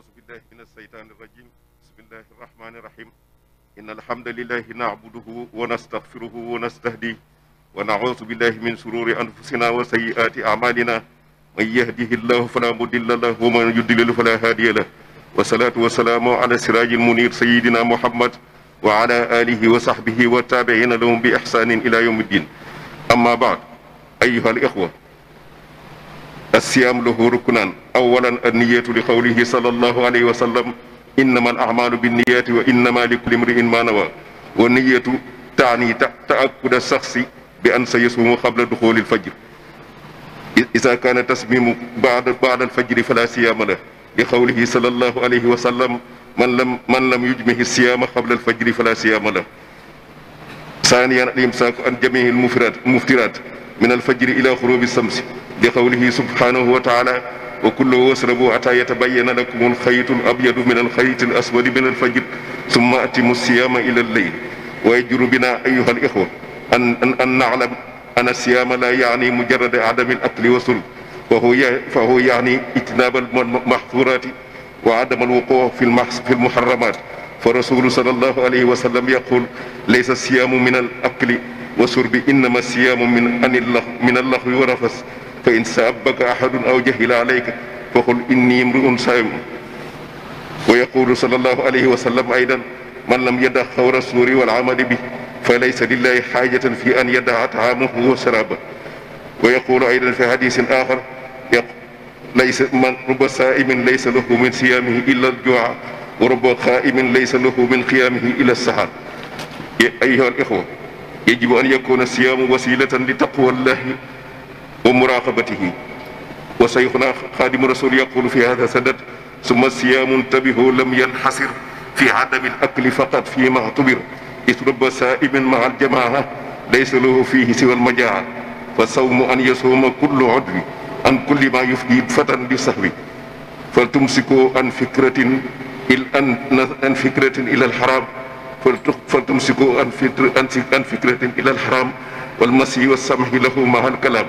أعوذ بالله من الشيطان الرجيم بسم الله الرحمن الرحيم إن الحمد لله نعبده ونستغفره ونستهديه ونعوذ بالله من شرور أنفسنا وسيئات أعمالنا من يهده الله فلا مضل له ومن يضلل فلا هادي له والصلاة والسلام على سراج المنير سيدنا محمد وعلى آله وصحبه والتابعين لهم بإحسان إلى يوم الدين أما بعد أيها الإخوة الصيام له ركنان أولا النية لقوله صلى الله عليه وسلم إنما الأعمال بالنيات وإنما لكل امرئ ما نوى والنية تعني تأكد الشخص بأن سيصوم قبل دخول الفجر إذا كان تصميم بعد بعد الفجر فلا صيام له لقوله صلى الله عليه وسلم من لم من لم يجمه الصيام قبل الفجر فلا صيام له ثانيا الإمساك عن جميع المفترات من الفجر إلى غروب الشمس bi qawlihi subhanahu wa taala wa kullu wasrabu ata yatabayyana lakum alxaytu alabyadu min alxayti alaswadi min alfajr summa atimu siyaama ila alleyl wa yajuru bina ayuha alixwa an an naclam an asiyaama la yaani mujarada adami alakli wa sul fa huwa yaani ijtinaaba almaxduuraati wa adama alwuquu fi almuharramaat fa rasulu sallallahu alayhi wa sallam yaqul laysa siyaamu min alakli wa surbi innama siyaamu min an min allaxwi wa rafas fa in saabaka ahadun aw jahila alayka faqul inni imru'un saimun wa yaqulu sallallahu alayhi wa sallam aydan man lam yada xawra suuri wal amali bi fa laysa lillahi xaajatan fi an yadaa taamahu wa saraaba wa yaqulu aydan fi hadisin axar yaq laysa man ruba saaimin laysa lahu min siyaamihi illa aljua wa ruba xaaimin laysa lahu min qiyaamihi illa alsahar ayyuha al ixwa yajibu an yakuna siyaamu wasilatan li taqwa allahi wa muraqabatihi wa sayxuna xaadimu rasul yaqulu fi hada sadat summa siyaamun tabihu lam yanxasir fi adami l akli faqat fi ma tubir isruba saaimin maa aljamaa laysa lahu fihi siwa almajaa fa sawmu an yasuuma kullu udwi an kulli ma yufdi fatan li sahwi fal tumsiku an fikratin il an an fikratin ila alxaram fal tumsiku an fikratin ila alxaram walmasihi wasamhi lahu maa alkalaam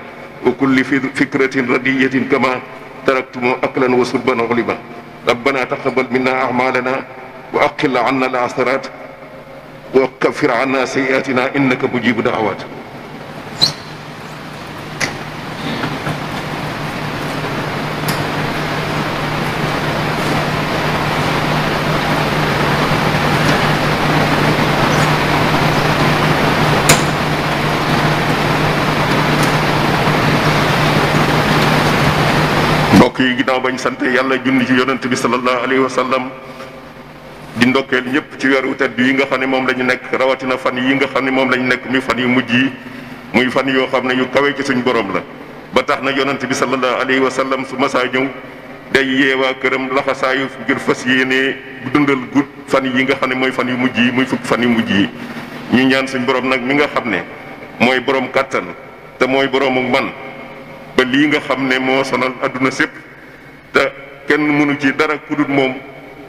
wa kulli fikratin radiyatin kama taraktumu aklan wa surban uliban rabbana taqabbal minna a'malana wa aqil anna al-asarat wa kaffir anna sayyi'atina innaka mujibu da'awat mbokk yi ginnaaw bañ sant yàlla junni ci yonante bi sallallahu alayhi wa sallam di ndokkeel ñëpp ci weeru tedd yi nga xam ne moom la nekk rawatina fan yi nga xam ne moom la nekk muy fan yu mujj yi muy fan yoo xam ne yu kawe ci suñ la ba tax na yonent bi sallallahu alayhi wa sallam su masaa ñëw day yeewaa këram laxasaayu ngir fas yéenee dundal gudd fan yi nga xam ne mooy fan yu mujj yi muy fukk fan yu mujj yi ñu ñaan suñ boroom nag mi nga xam ne mooy borom kàttan te mooy boroomu man ba lii nga xam ne moo sonal àdduna sépp te kenn mënu ci dara kudut moom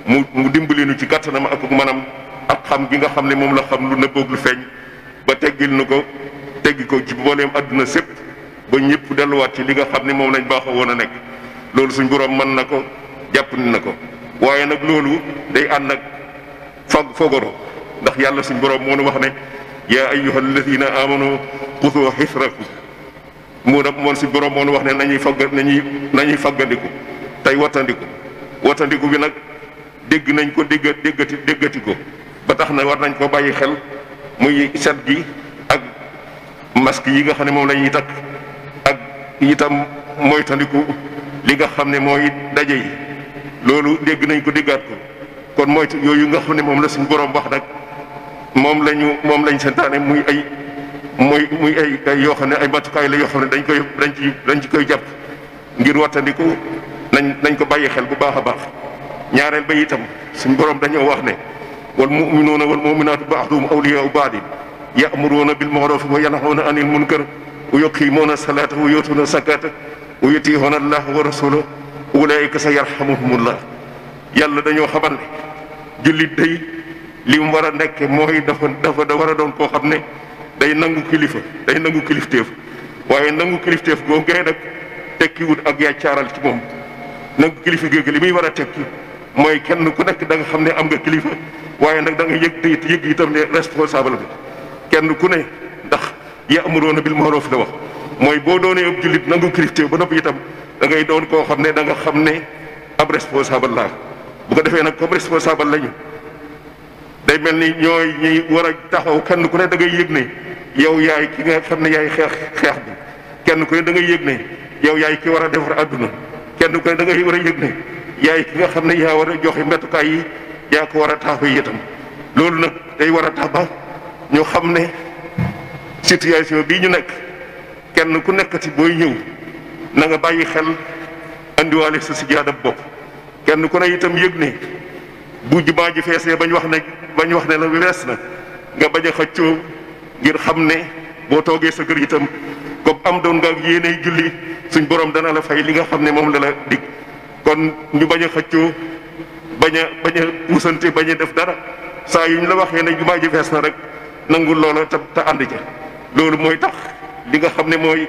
mu mu dimbali nu ci kattanam ak manam ak xam gi nga xam ne moom la xam lu nëbboog lu feeñ ba teggil na ko teggi ko ci mbooleem àdduna sépp ba ñëpp delluwaat ci li nga xam ne moom lañ baaxoo woon a nekk loolu suñ borom mën na ko jàpp ni na ko waaye nag loolu day ànd ak fag fogoro ndax yàlla suñ borom moo nu wax ne yaa ayyuha alladina amanu xusoo xisrakum mu nag moom suñ borom moo nu wax ne nañuy fagg nañuy nañuy faggandiku tey wattandiku wattandiku bi nag dégg nañ ko dégga déggati déggati ko ba tax na war nañ ko bàyyi xel muy set gi ak masque yi nga xam ne moom la ñuy itam mooy li nga xam ne mooy daje loolu dégg nañ ko déggaat ko kon mooy yooyu nga xam ne moom la suñ borom wax nag moom lañu moom lañ sentaane muy ay muy muy ay yoo xam ne ay matukaay la yoo xam ne dañ koy dañ ci dañ ci koy jàpp ngir wattandiku nañ nañ ko bàyyi xel bu baax a baax ñaareel ba itam suñu borom dañoo wax ne wal muminuuna wal muminaatu baaduhum awliyaau baadin yamuruuna bil maarufi wa yanhawna anil munkar wa yuqimuuna salaata wa yutuuna zakaata wa yutiihuuna allaah wa rasulahu ulaayika sa yarhamuhumullah yàlla dañoo xamal ne jullit day li mu war a nekk mooy dafa dafa da war a doon koo xam ne day nangu kilifa day nangu kilifteef waaye nangu kilifteef goo gee nag tekkiwut ak yaay caaral ci moom nag kilifa géeg li muy war a tekki mooy kenn ku nekk da nga xam ne am nga kilifa waaye nag da nga yëg te it yëg itam ne responsable bi kenn ku ne ndax ya'muruuna bil ma'ruuf la wax mooy boo doonee ab jullit nangu kilifte ba noppi itam da ngay doon koo xam ne da nga xam ne ab responsable laa bu ko defee nag comme responsable lañu day mel ni ñooy ñu war a taxaw kenn ku ne da ngay yëg ne yow yaay ki nga xam ne yaay xeex xeex bi kenn ku da ngay yëg yow yaay ki war a defar àdduna kenn ku ne da ngay war a yëg ne yaay ki nga xam ne yaa war a joxe mbetukaay yi yaa ko war a taaba itam loolu nag day war a tax ba ñu xam ne situation bii ñu nekk kenn ku nekkati booy ñëw na nga bàyyi xel andiwaale sa si jaadab bopp kenn ku ne itam yëg ne bu jumaa ji feesee bañ wax ne bañ wax ne la wees na nga bañ a xëccoo ngir xam ne boo toogee sa kër itam comme am doon nga ak yéenay julli suñ borom dana la fay li nga xam ne moom la la dig kon ñu bañ a xëccoo bañ a bañ a musante bañ a def dara saa yuñ la waxee ne jumaa ji fees na rek nangul loola te te ànd ja loolu mooy tax li nga xam ne mooy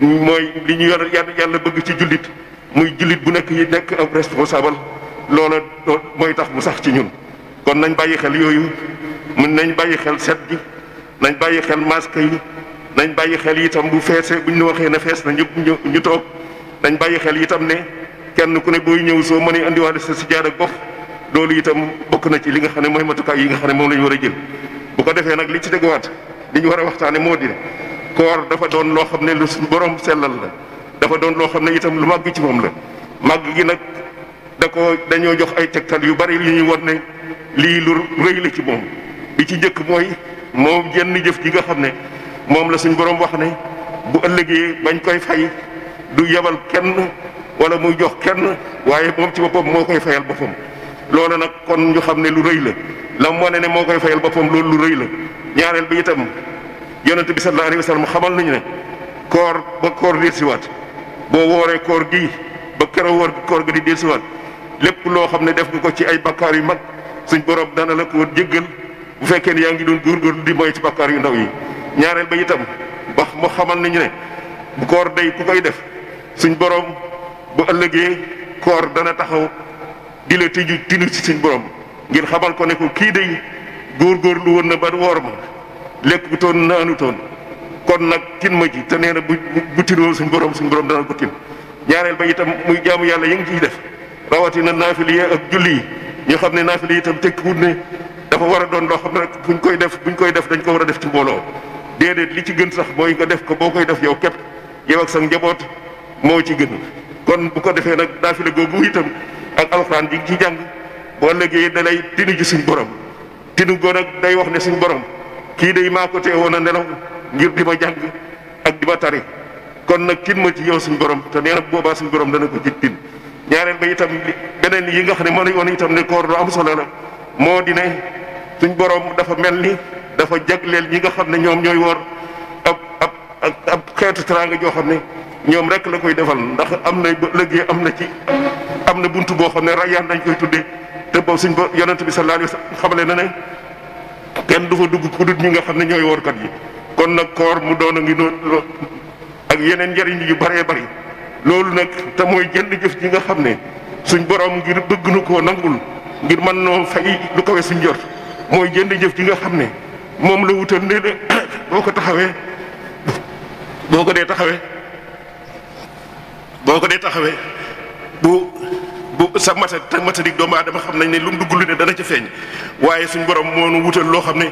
mooy li ñu yor yàlla bëgg ci jullit muy jullit bu nekk yi nekk ab responsable loola mooy tax mu sax ci ñun kon nañ bàyyi xel yooyu mën nañ bàyyi xel set gi nañ bàyyi xel masque yi nañ bàyyi xel itam bu feesee buñ la waxee na fees na ñëpp ñu ñu toog nañ bàyyi xel itam ne kenn ku ne booy ñëw soo ne indiwaale sa sijaar ak bopp loolu itam bokk na ci li nga xam ne mooy matukaay yi nga xam ne moom la ñu war a jël. bu ko defee nag li ci teguwaat li ñu war a waxtaane moo di koor dafa doon loo xam ne lu borom sellal la dafa doon loo xam ne itam lu màgg ci moom la màgg gi nag da ko dañoo jox ay tegtal yu bari li ñuy war ne lii lu rëy la ci moom li ci njëkk mooy moom jenn jëf ji nga xam ne. moom la suñ borom wax ne bu ëllëg yi bañ koy fay du yebal kenn wala muy jox kenn waaye moom ci boppam moo koy fayal boppam loolu nag kon ñu xam ne lu rëy la lam wane ne moo koy fayal boppam loolu lu rëy la ñaareel bi itam yonent bi sallallahu alayhi wa sallam xamal nañu ne koor ba koor diir siwaat boo wooree koor gi ba kero woor koor gi di si siwaat lépp loo xam ne def nga ko ci ay bakkaar yu mag suñ borom dana la ko jéggal bu fekkee ne yaa ngi doon góorgóorlu di moy ci bakkaar yu ndaw yi ñaareel ba itam wax mu xamal nañu ne bu koor day ku koy def suñ boroom bu ëllëgee koor dana taxaw di la tiju tinu suñ borom ngir xamal ko ne ko kii góor lu woon na ba woor ma lekkutoon naanutoon kon nag tin ma ji te nee na bu bu tinoo suñ borom suñ borom dana ko tin ñaareel ba itam muy jaamu yàlla yi nga ciy def rawatina naafili yi ak julli yi ñu xam ne naafili yi itam tekkiwut ne dafa war a doon loo xam ne rek buñ koy def buñ koy def dañ ko war a def ci mbooloo déedéet li ci gën sax mooy nga def ko boo koy def yow képp yow ak sa njaboot moo ci gën kon bu ko defee nag naafila googu itam ak alxuraan ji ci jàng boo léegi da lay tinu ji suñu borom tinu ko ak day wax ne suñu borom kii day maa ko woon a nelaw ngir di ma jàng ak di ma tari kon nag tin ma ci yow suñu borom te nee na boobaa suñ borom dana ko ci tin ñaareel ba itam beneen yi nga xam ne mën a yoon itam ne koor lu am solo la moo di ne suñ borom dafa mel ni dafa jagleel ñi nga xam ne ñoom ñooy woor ab ab ab xeetu teraanga joo xam ne ñoom rek la koy defal ndax am na léegi am na ci am na bunt boo xam ne rayyaan dañ koy tudde te boobu suñ ba yonent bi laal alayhi wasallam xamale na ne kenn du fa dugg ku dut ñi nga xam ne ñooy woorkat yi kon nag koor mu doon a ngi noonu ak yeneen njëriñ yu bëree bëri loolu nag te mooy jënd jëf ji nga xam ne suñ borom ngir bëgg nu ko nangul ngir mën noo fay lu kawe suñ jot mooy jënd jëf ji nga xam ne moom la wutal ne boo ko taxawee boo ko dee taxawee boo ko dee taxawee bu bu sa mata matadik doomu aadama xam nañ ne lum mu dugg ne dana ci feeñ waaye suñ borom moo nu wutal loo xam ne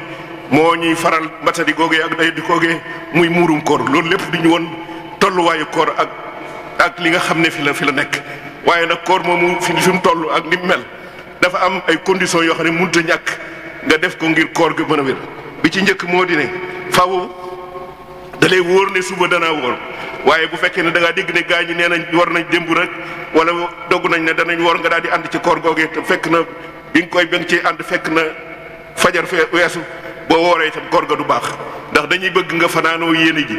moo ñuy faral matadi googee ak day di googee muy muurum koor loolu lépp di ñu woon tolluwaayu koor ak ak li nga xam ne fi la fi la nekk waaye nag koor moomu fi fi mu toll ak ni mu mel dafa am ay conditions yoo xam ne mënut a ñàkk nga def ko ngir koor gi mën a wér bi ci njëkk moo di ne faaw da wóor ne suba danaa wóor waaye bu fekkee ne da ngaa dégg ne gaa ñi nee nañ war nañ démb rek wala dogg nañ ne danañ wor nga daal di ànd ci koor googee te fekk na bi nga koy ba ci ànd fekk na fajar fee weesu boo wooree itam koor ga du baax ndax dañuy bëgg nga fanaanoo yéene ji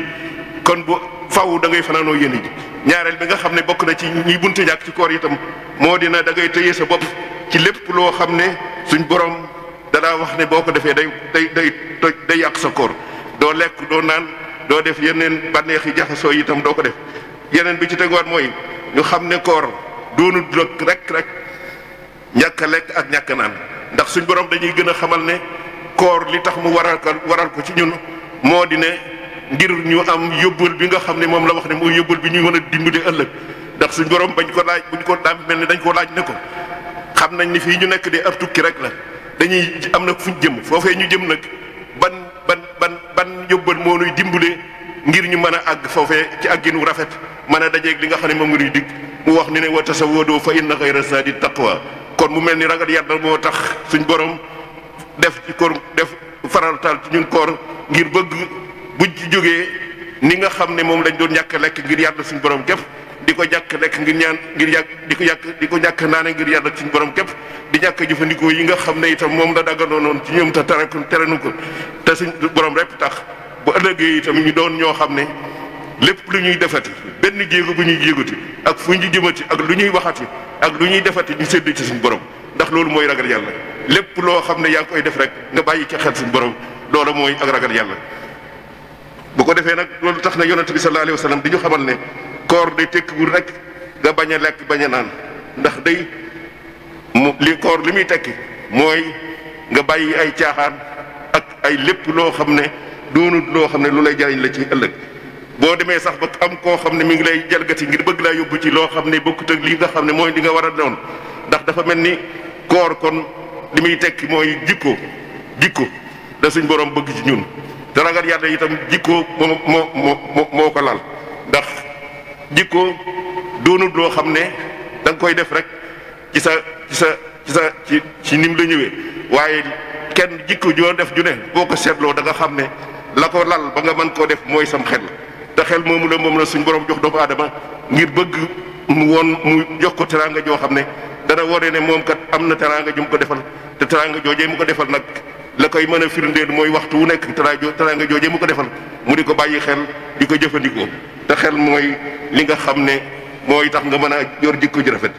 kon bu faaw da ngay fanaanoo yéene ji ñaareel bi nga xam ne bokk na ci ñi buntu ñàkk ci koor itam moo dina da ngay tëye sa bopp ci lépp loo xam danaa wax ne boo ko defee day day day toj day yàq sa koor doo lekk doo naan doo def yeneen bànneex yi jaxasoo yi itam doo ko def yeneen bi ci tegoon mooy ñu xam ne koor doonu dog rek rek ñàkk lekk ak ñàkk naan ndax suñ borom dañuy gën a xamal ne koor li tax mu waral ko waral ko ci ñun moo di ne ngir ñu am yóbbul bi nga xam ne moom la wax ne mooy yóbbul bi ñuy mën a dimbali ëllëg ndax suñ borom bañ ko laaj buñ ko daan mel ni dañ ko laaj ne ko xam nañ ni fii ñu nekk de ab tukki rek la dañuy am nag fu ñu jëm foofee ñu jëm nag ban ban ban ban yóbbal moo nuy dimbale ngir ñu mën a àgg foofee ci àgginu rafet mën a dajeeg li nga xam ne moom nga ñuy dig mu wax ni ne wa tasawadoo fa inna xayra zaadi taqwa kon mu mel ni ragal yàlla moo tax suñ borom def ci koor def faraltal ci ñun koor ngir bëgg bu ci jógee ni nga xam ne moom lañ doon ñàkk lekk ngir yàlla suñ borom def di ko jàkk lekk ngir ñaan ngir yàq di ko yàq di ko ñàkk naane ngir yàlla suñu borom képp di ñàkk jëfandikoo yi nga xam ne itam moom la daggandoo noonu ci ñoom te tere terenu ko te suñ borom rek tax bu ëllëgee itam ñu doon ñoo xam ne lépp lu ñuy defati benn jéego bu ñuy jéegati ak fu ñu jëmati ak lu ñuy waxati ak lu ñuy defati ñu sédd ci suñu borom ndax loolu mooy ragal yàlla lépp loo xam ne yaa ngi koy def rek nga bàyyi ci xel suñu borom loola mooy ak ragal yàlla bu ko defee nag loolu tax na yonent bi sallallahu alayhi wa sallam di ñu xamal ne koor day tekkiwul rek nga bañ a lekk bañ a naan ndax day mu li koor li muy tekki mooy nga bàyyi ay caaxaan ak ay lépp loo xam ne doonut loo xam ne lu lay jariñ la ci ëllëg boo demee sax ba am koo xam ne mu ngi lay jalgati ngir bëgg laa yóbbu ci loo xam ne bokkut ak lii nga xam ne mooy li nga war a doon ndax dafa mel ni koor kon li muy tekki mooy jikko jikko da suñ borom bëgg ci ñun te ragal yàlla itam jikko moo moo moo moo ko lal ndax jikko doonut loo xam ne danga koy def rek ci sa ci sa ci sa ci ci nim la ñëwee waaye kenn jikko joo def ju ne boo ko seetloo da nga xam ne la ko lal ba nga mën koo def mooy sam xel te xel moomu la moom la suñ borom jox doomu aadama ngir bëgg mu woon mu jox ko teraanga joo xam ne dana wone ne moom am na teraanga ju mu ko defal te teraanga joojee mu ko defal nag la koy mën a firndeel mooy waxtu wu nekk teraanga joojee mu ko defal mu ni ko bàyyi xel di ko jëfandikoo. te xel mooy li nga xam ne mooy tax nga mën a yor jikko ji rafet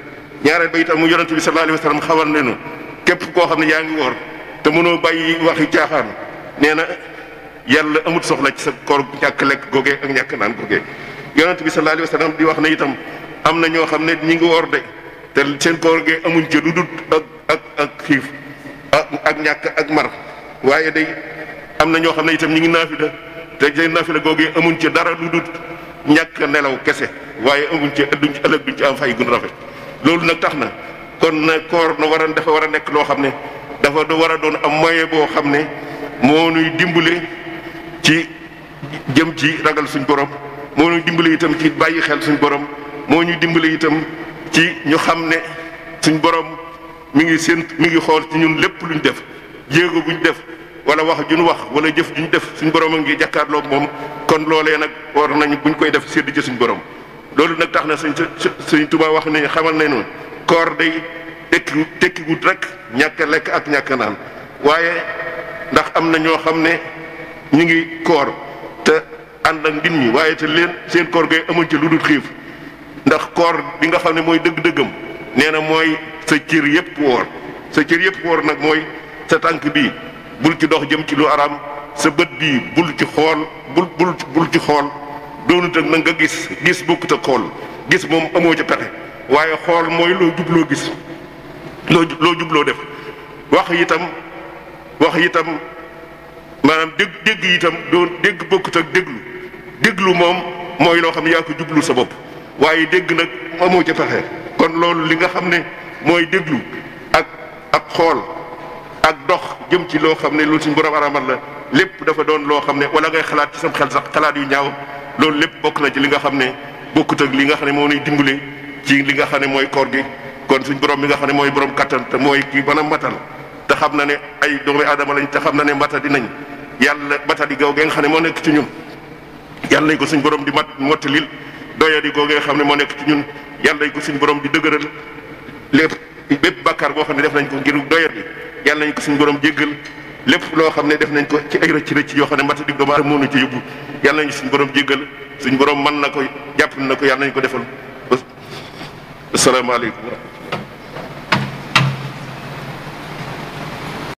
ñaareel ba itam mu yonente bi sallallahu alayhi wa sallam xamal nañu képp koo xam ne yaa ngi woor te mënoo bàyyi waxi caaxaan nee na yàlla amut soxla ci sa koor ñàkk lekk goge ak ñàkk naan goge yonente bi sallallahu alayhi wa sallam di wax na itam am na ñoo xam ne ñi ngi woor de te seen koor gee amuñ ci lu dul ak ak ak xiif ak ñàkk ak mar waaye day am na ñoo xam ne itam ñi ngi naafila te seen naafila goge amuñ ci dara lu dul ñàkk nelaw kese waaye amuñ ci duñ ci ëllëg duñ ci am fay gun rafet loolu nag tax na kon na koor na war a dafa war a nekk loo xam ne dafa war a doon am moyen boo xam ne moo nuy dimbale ci jëm ci ragal suñ borom moo nuy dimbale itam ci bàyyi xel suñ borom moo ñuy dimbale itam ci ñu xam ne suñ borom mi ngi séent mi ngi xool ci ñun lépp luñ def jéego buñ def wala wax ju ñu wax wala jëf ju ñu def suñ borom a ngi jàkkaarloo moom kon loolee nag war nañ buñ koy def sédd ci suñu borom loolu nag tax na suñ suñ Tuubaa wax ne xamal nañu koor day tekki tekki wut rek lekk ak ñàkk naan waaye ndax am na ñoo xam ne ñu ngi koor te ànd ak nit ñi waaye te leen seen koor gay amuñ ci lu dul xiif ndax koor bi nga xam ne mooy dëgg-dëggam nee na mooy sa cër yëpp woor sa cër yëpp woor nag mooy sa tànk bii. bul ci dox jëm ci lu araam sa bët bii bul ci xool bul bul ci xool doonut ak na nga gis gis bokkut ak xool gis moom amoo ca pexe waaye xool mooy loo jubloo gis loo loo jubloo def wax yitam wax itam maanaam dégg dégg itam doon dégg bokkut ak déglu déglu moom mooy loo xam ne yaa ko jublu sa bopp waaye dégg nag amoo ca pexe kon loolu li nga xam ne mooy déglu ak ak xool ak dox jëm ci loo xam ne loolu suñ borom aramal la lépp dafa doon loo xam ne wala ngay xalaat ci sam xel sax xalaat yu ñaaw loolu lépp bokk na ci li nga xam ne bokkut li nga xam ne moo nuy dimbale ci li nga xam ne mooy koor gi kon suñ borom mi nga xam ne mooy borom kattan te mooy kii mën a matal te xam na ne ay doomi aadama lañ te xam na ne mata di nañ yàlla mata di gaw gi xam ne moo nekk ci ñun yàlla nañ ko suñ borom di mat mottalil doya di googu nga xam ne moo nekk ci ñun yàlla nañ ko suñ borom di dëgëral lépp bakkaar bàkkaar boo xam ne def nañ ko ngir doya di yàlla nañ ko suñu borom jéggal lépp loo xam ne def nañ ko ci ay rëcc rëcc yoo xam ne mbata dig doomu aadama moo na ci yóbbu yàlla nañ suñ borom jéggal suñ boroom man na ko jàpp na ko yàlla nañ ko defal asalaamaaleykum